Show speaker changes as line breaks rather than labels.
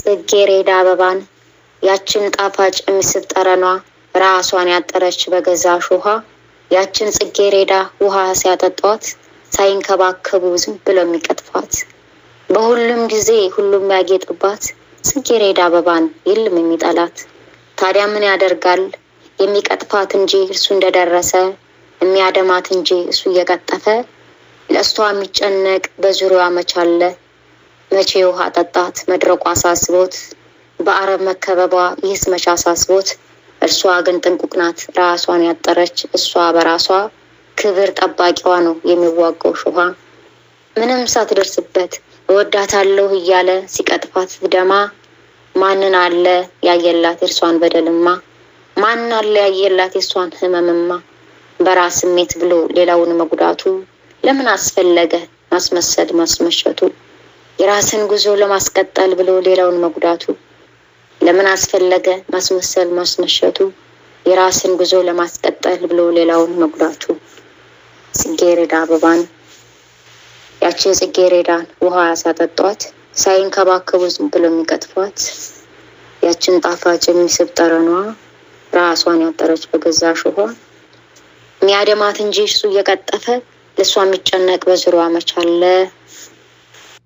ጽጌሬዳ አበባን ያችን ጣፋጭ ምስል ጠረኗ ራሷን ያጠረች በገዛሽ ውሃ ያችን ጽጌሬዳ ውሃ ሲያጠጧት ሳይንከባከቡ ዝም ብለው የሚቀጥፏት በሁሉም ጊዜ ሁሉም ያጌጥባት ጽጌሬዳ አበባን የለም የሚጠላት። ታዲያ ምን ያደርጋል የሚቀጥፋት እንጂ እርሱ እንደደረሰ የሚያደማት እንጂ እሱ እየቀጠፈ ለእሷ የሚጨነቅ በዙሪያዋ መቻለ መቼ ውሃ ጠጣት መድረቁ አሳስቦት በአረብ መከበቧ ይህስ መቼ አሳስቦት እርሷ ግን ጥንቁቅ ናት ራሷን ያጠረች እሷ በራሷ ክብር ጠባቂዋ ነው የሚዋጋው ሾሃ ምንም ሳትደርስበት እወዳታለሁ እያለ ሲቀጥፋት ደማ ማንን አለ ያየላት የእርሷን በደልማ ማን አለ ያየላት የእሷን ህመምማ በራስ ስሜት ብሎ ሌላውን መጉዳቱ ለምን አስፈለገ ማስመሰል ማስመሸቱ የራስን ጉዞ ለማስቀጠል ብሎ ሌላውን መጉዳቱ ለምን አስፈለገ? ማስመሰል ማስመሸቱ የራስን ጉዞ ለማስቀጠል ብሎ ሌላውን መጉዳቱ። ጽጌረዳ አበባን ያችን ጽጌረዳን ውሃ ሳጠጧት ሳይንከባከቡ ዝም ብሎ የሚቀጥፏት ያችን ጣፋጭ የሚስብ ጠረኗ ራሷን ያጠረች በገዛ ሽሆ የሚያደማት እንጂ እሱ እየቀጠፈ ለእሷ የሚጨነቅ በዙሪያ መቻለ